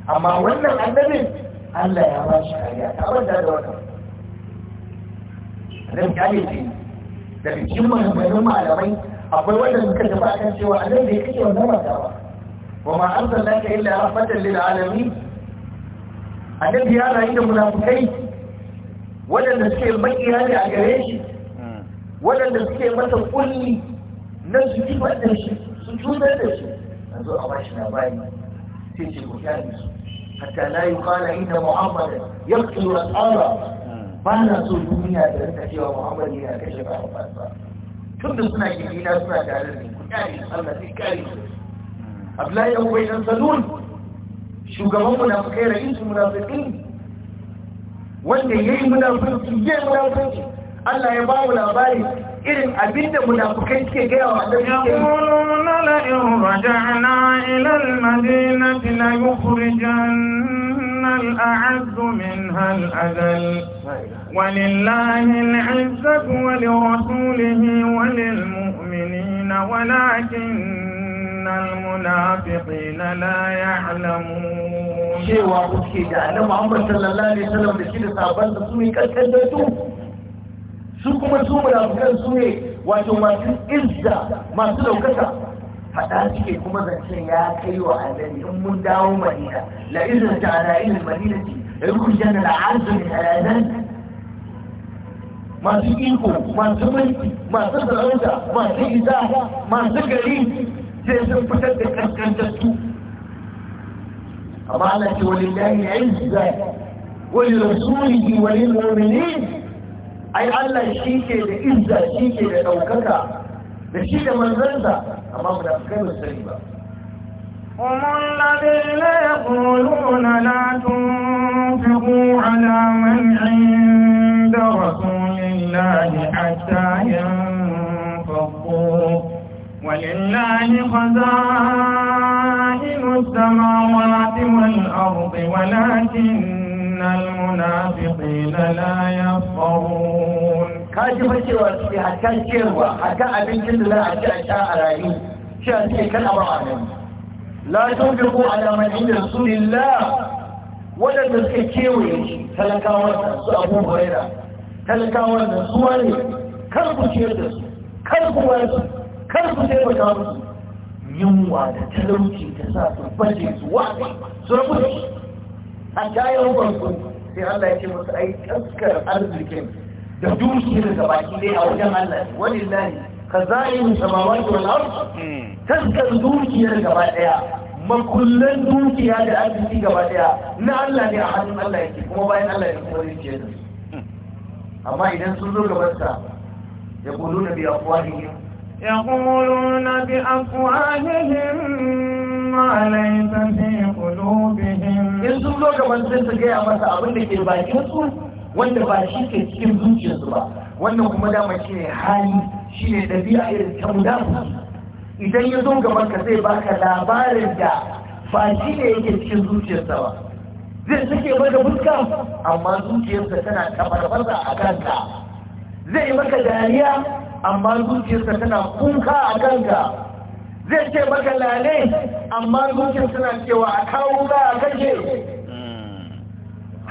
Speaker 2: amma wannan annabin Allah ya ba shi kariya ta banta da wannan zan kyale ce da cikin mahimmanu malamai akwai wanda suka tafi akan cewa annabi ya kake wannan mata ba wa ma arsalnaka illa rahmatan lil alamin annabi ya rayu da munafukai waɗanda suke makiya ne a gare shi waɗanda suke masa kulli na su kifa da shi su cutar da shi نزول قريشنا باين تيجي المكانس حتى لا يقال إن محمدا يقتل أسعارا bana so duniya da rika cewa Muhammad yana kashe ba ba tun da suna gidi na suna tare da ku kare Allah sai kare Abdullahi Abu Bakar Salul shugaban munafikai raisul munafiqin wanda yayi munafiki yayi munafiki Allah ya ba mu labari
Speaker 1: يقولون لئن رجعنا إلى المدينة ليخرجن الأعز منها الأذل ولله العزة ولرسوله وللمؤمنين ولكن المنافقين لا يعلمون شيء واحد كي جاء لما عمر صلى الله عليه
Speaker 2: وسلم لكي لصابان تصمي كالكالبتو su kuma su munafukan su ne wato masu izza masu daukaka faɗa suke kuma zancen ya kai wa annabi in mun dawo madina la izin ta ala ilin madina ce rukun janna la arzu min aladan masu iko masu mulki masu sarauta masu isa masu gari sai sun fitar da kaskantattu amma Allah ce walillahi izza wa lirasulihi wa lil mu'minin ai Allah shi ke da izza shi ke da ɗaukaka da shi da manzansa amma mu da kai ba sani ba
Speaker 1: هم الذين يقولون لا تنفقوا على من عند رسول الله حتى ينفقوا ولله خزائن السماوات والأرض ولكن إن المنافقين لا يفقهون kaji fakewa ce hatta
Speaker 2: cewa hatta abincin da za a ci a rayu shi a ce kan abu a nan la tunfiqu ala man inda rasulillah wadanda suka kewaye shi talakawar da su abu huraira talakawar da su wani kar ku ciyar da su kar ku wayar su kar ku taimaka yunwa da talauci ta sa baje wa su a kayan banku sai Allah ya ce musu ai kaskar arzikin da dukiyar da baki dai a wajen Allah yi khazain samawati wal ard kaskar dukiyar gaba daya makullan dukiya da arziki gaba daya na Allah ne a hannun Allah yake kuma bayan Allah ya kuma rinke su amma idan sun zo gaban sa ya kulu na biya afwahihim
Speaker 1: ya kulu na biya afwahihim ma laysa fi قلوبهم إن
Speaker 2: سنزو كمان سنسا جاء مسا أبنى كرباك يسون wanda ba shi ke cikin zuciyarsu ba wannan kuma dama shi ne hali shi ne ɗabi'a irin ta munafiki idan ya zo gaban ka zai baka labarin da ba shi ne yake cikin zuciyarsa ba zai sake maka fuska amma zuciyarsa tana kafarfarsa a kanka zai maka dariya amma zuciyarsa tana kunka a kanka zai ce maka lale amma zuciya suna cewa a kawo za a kashe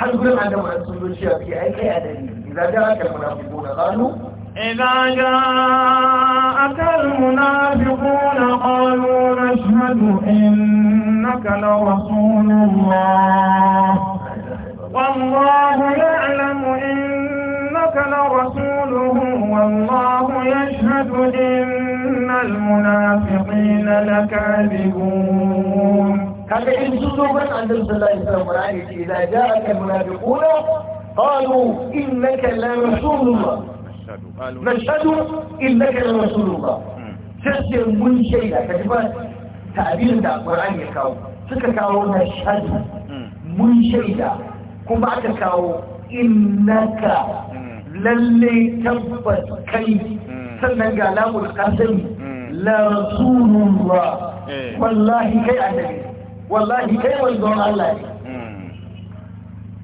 Speaker 2: har gudun an da
Speaker 1: masu zuciya ke aiki a dare idan da aka munafiquna qalu إذا جاءك المنافقون قالوا نشهد إنك لرسول الله والله يعلم إنك لرسوله والله يشهد إن المنافقين لكاذبون هذا إن سلوكا عند رسول الله صلى الله عليه وسلم إذا جاءك المنافقون
Speaker 2: قالوا إنك رسول الله نشهد إنك رسول الله تسير من شيء كتبات تعبير دا قرآن يكاو سككاو نشهد من شيء كم بعد كاو إنك للي تبت كيف sannan ga lamul la ba, eh. wallahi kai annabi wallahi kai manzon Allah ne hmm.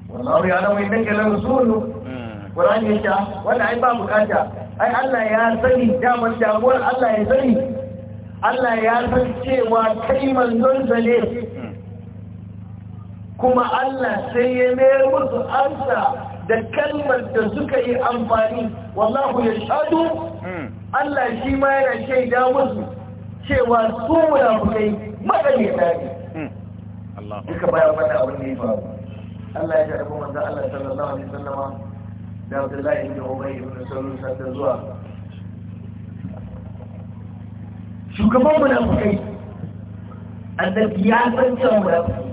Speaker 2: wallahi ya lamu idan kana rasulu hmm. Qur'ani ya ce wanda ai ba bukata ai Allah ya sani damar damuwar Allah ya sani Allah ya san cewa kai manzon zane. Hmm. kuma Allah sai ya mayar musu ansa da kalmar da suka yi amfani wallahu ya shaɗu hmm. Allah shi ma yana shaida musu cewa su munafukai maɗaɗe tare
Speaker 1: hmm. duka baya
Speaker 2: mana abin da ya faru Allah ya shaɗa kuma Allah sallallahu alaihi sallama da Abdullahi ibn Ubay da Salul sadda zuwa shugaban munafukai annabi ya san cewa munafukai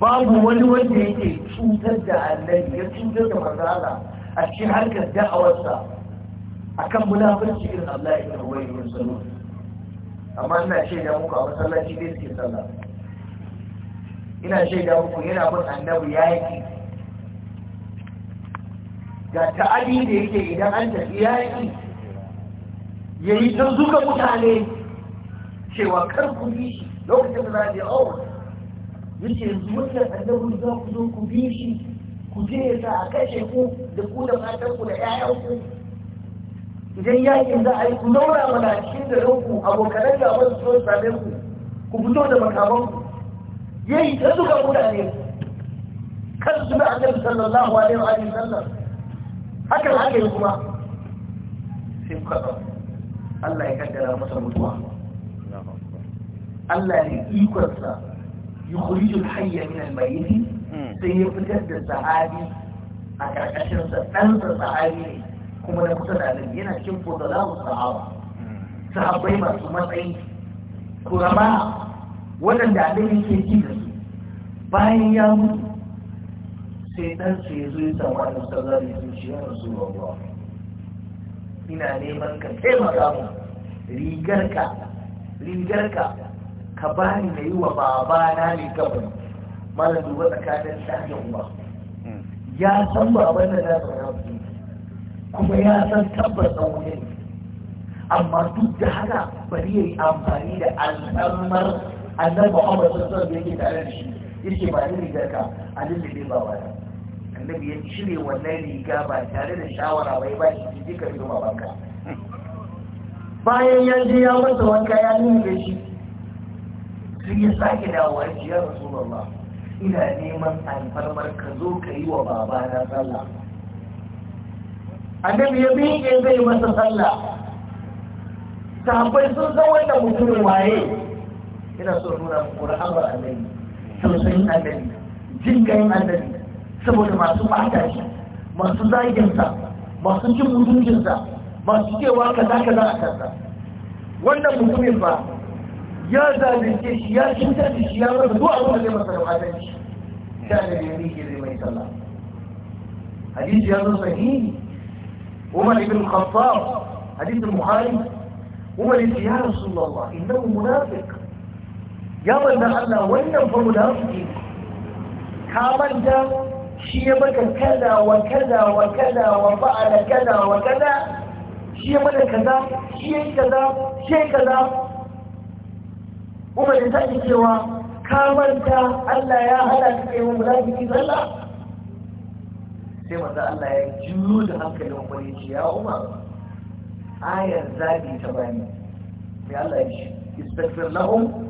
Speaker 2: babu wani wanda yake cutar da annabi ya cutar da manzala a cikin harkar da'awarsa kan munafurci irin Allah ya kawo yi musulun amma ina shaida muku a masallaci dai suke sallah ina shaida muku yana bin annabi ya yake ga ta'adi da yake idan an tafi ya yake ya yi ta zuga mutane cewa kar ku bi shi lokacin da za a je awon oh, yace yanzu wannan annabi za ku zo ku bi shi ku je ya sa a kashe ku da ku da matan ku da ƴaƴan ku idan yakin za a yi ku naura mana cikin garin ku abokanan gaban su so same ku ku fito da makaman ku yayi ta duka mutane kan su da annabi sallallahu alaihi wa sallam hakan haka yi kuma sai ku kasa Allah ya kaddara masa mutuwa Allah ya ikonsa يخرج الحي من الميت سيفتد الزهابي أكاكاشر سألت الزهابي كما نكتنا لدينا كم فضلاء الصحابة صحابي ما سمتعي كرماء ولن دعليه كيجيز باين يامو سيدان سيزوي سوان مستغاري سيشي رسول الله إنا نيمان كتما كامو ريجر كامو ريجر كامو ka bani na yi wa babana ne gaban malam duba tsakanin da da uba ya san baban da na zaura kuma ya san tabbas da wuri amma duk da haka bari ya yi amfani da al'ammar annabi sun sallallahu da yake tare da shi yake ba ni rigar ka a lullube ba ba annabi ya cire wannan riga ba tare da shawara bai ba shi jika zuwa banka bayan yanzu ya masa wanka ya nuna da shi sai ya sake dawowa ya ce ya rasulullah ina neman alfarmar ka zo ka yi wa babana sallah annabi ya miƙe zai masa sallah sahabbai sun san wanda mutumin waye ina so nuna ƙur'anar annabi tausayin annabi jin gayin annabi saboda masu fata shi masu zaginsa masu jin mutuncinsa masu cewa kaza kaza a kansa wannan mutumin ba ya zalunce shi ya cutar da shi ya rasa duk abin da zai masa da fatan shi ta da ya miƙe zai mai sallah hadisi ya zo sahihi Umar ibn Khattab hadisi Bukhari Umar yace ya Rasulullah innahu munafiq ya wannan Allah wannan fa munafiki ka manta shi ya maka kada wa kada wa kada wa fa'ala kada wa kada shi ya maka kaza shi ya kaza shi ya kaza kuma da ta cewa ka manta Allah ya hana ka kai wa munafiki sallah sai manzo Allah ya juyo da hankalin wani ce ya Umar ayar zabi ta bani sai Allah ya ce istaghfir lahum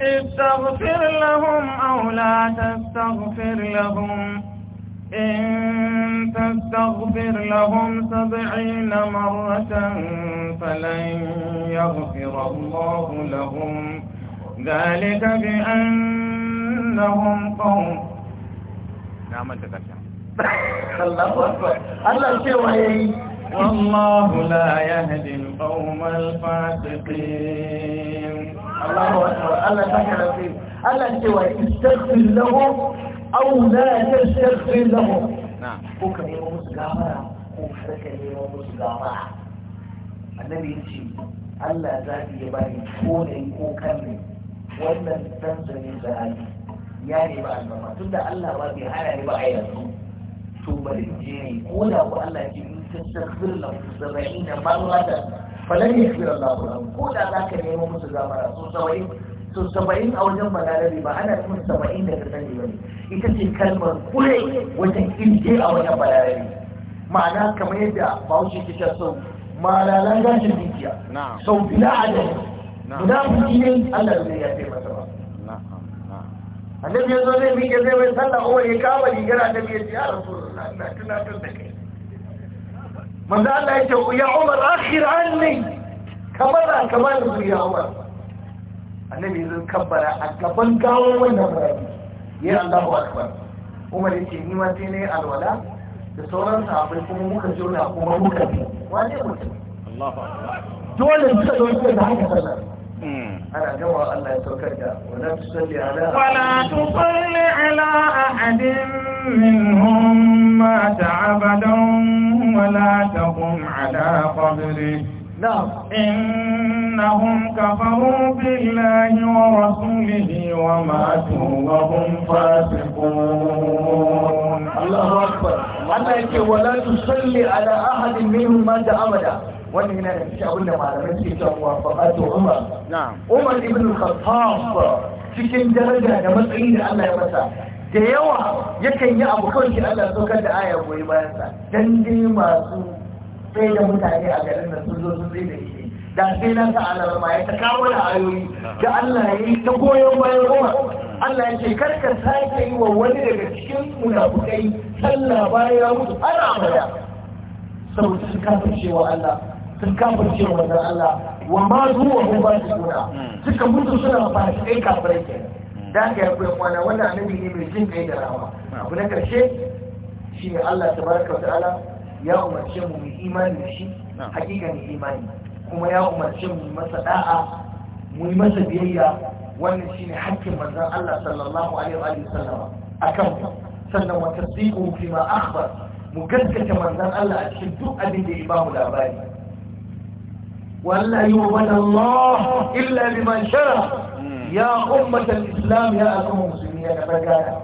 Speaker 1: استغفر لهم أو لا تستغفر لهم إن تستغفر لهم سبعين مرة فلن يغفر الله لهم ذلك بأنهم قوم نعم أنت الله أكبر الله شوي والله لا يهدي القوم الفاسقين الله أكبر ألا شكرا فيه الله شوي استغفر لهم
Speaker 2: أو لا تستغفر لهم نعم وكم يوم سجارة وفرك يوم سجارة النبي يجي الله ذاتي يبارك كوني وكمل wannan tantanin da hali ya nemi alfarma tun da Allah ba bai hana ni ba a yanzu to bari je ko da ku Allah ke yi tastaghfir lahu 70 marratan falan yaghfir Allah lahum ko da za ka nemo musu gafara so 70 so 70 a wajen balarabi ba ana nufin 70 da ka sani bane ita ce kalmar kure wajen inje a wajen balarabi ma'ana kamar yadda Bahaushe ke ta so malalan gashin dukiya sau bila adadin munafiki ne Allah zai yafe masa ba annabi yazo zai miƙe zai mai sallah Umar ya kama rigar annabi ya ce ya rasulullah ina tunatar da kai manzo Allah ya ce ya Umar akhir anni kamar da kamar da ya Umar annabi zai kabbara a gaban gawo wannan rabi ya Allahu akbar Umar ya ce ni ma sai ne alwala da sauran sahabbai kuma muka jona kuma muka bi wani mutum Allahu akbar dole suka zo da haka sallah ana gama Allah ya saukar da
Speaker 1: wala tusalli ala wala abadan wala taqum ala qabrihi إنهم كفروا بالله ورسوله وماتوا وهم فاسقون الله أكبر أنا ولا تصلي على أحد منهم مات أبدا
Speaker 2: wannan yana da cikin abin da malamai suke cewa muwafaqatu umar umar ibn al-khattab cikin daraja da matsayi da Allah ya masa da yawa yakan yi abu kawai shi Allah saukar da aya goyi bayan sa dan dai masu sai da mutane a garin nan sun zo sun zai da shi da sai na sa Allah ma ya ta kawo da ayoyi da Allah ya yi ta goyon bayan umar Allah ya ce kar ka sake yi wa wani daga cikin munafukai sallah bayan ya mutu ana amada saboda su kafin cewa Allah sun kafirce wa manzon Allah wa ma zuwa hun ba su suna suka mutu suna ba su kai kafirai ke da aka yi kuwa kwana wannan annabi ne mai jin kai da rama abu na karshe shi ne Allah tabaraka wa ta'ala ya umarce mu mu imani da shi hakikan imani kuma ya umarce mu masa da'a mu yi masa biyayya wannan ne hakkin manzon Allah sallallahu alaihi wa sallama akan sannan wa tasdiqu fi ma akhbar mu gaskata manzon Allah a cikin duk abin da ya bamu labari ولا يؤمن الله إلا لمن شرع يا أمة الإسلام يا أمة المسلمين يا فجانا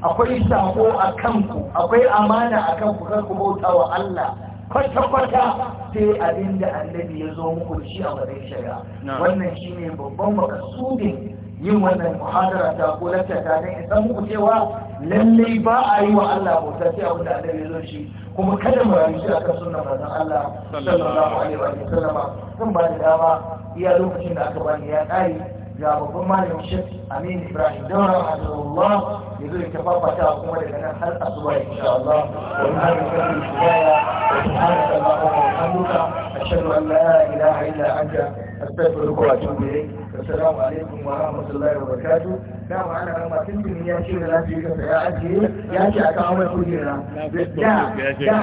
Speaker 2: akwai sako a kanku akwai amana a kanku kan ku bauta wa Allah kwata-kwata sai abinda da annabi ya zo muku shi a matsayin shari'a wannan shine babban makasudin yin wannan muhadara ta ko lacca ta dan muku cewa lallai ba a yi wa Allah bauta sai abin da Allah ya zo shi kuma kada mu rayu shi akan sunnar manzon Allah sallallahu alaihi wa sallam zan ba da dama iya lokacin da aka bani ya kare ga babban malamin Sheikh Amin Ibrahim Daura Azrullah ya zo ya fafata kuma daga nan har asuba insha Allah wa inna lillahi wa inna ilaihi raji'un subhanallahi wa bihamdihi ashhadu an la ilaha illa anta asibitin rukawa cikin yare da ma ana rama tuntun ya ce da lafi ga ya da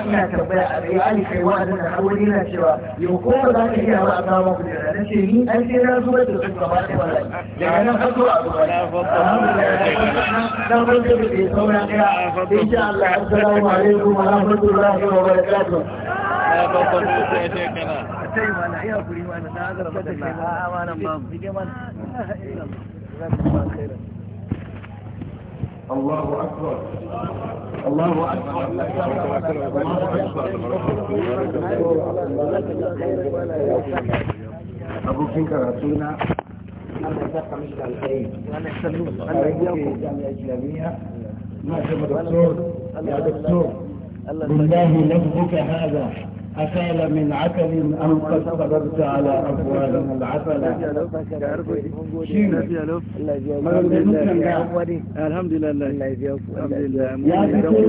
Speaker 2: ina tambaya a kai ali kai da har wani na cewa yau ko ba za ka iya ba na da ni an ce na zuwa da su kamar da bala da ga nan fato a gaba alhamdulillah da ban da ke saura kira insha Allah assalamu alaikum wa rahmatullahi wa barakatuh ya babban sai kana آه، الله أكبر الله أكبر الله أكبر الله أكبر الله أكبر الله أكبر الله أكبر الله أكبر الله أكبر الله أكبر أكبر الله أكبر الله أكبر الله أكبر الله أكبر الله أكبر الله أكبر الله أكبر الله أكبر الله أكبر الله هذا أكال من عسل أم قد صبرت على أبوالنا العسل الحمد لله الحمد لله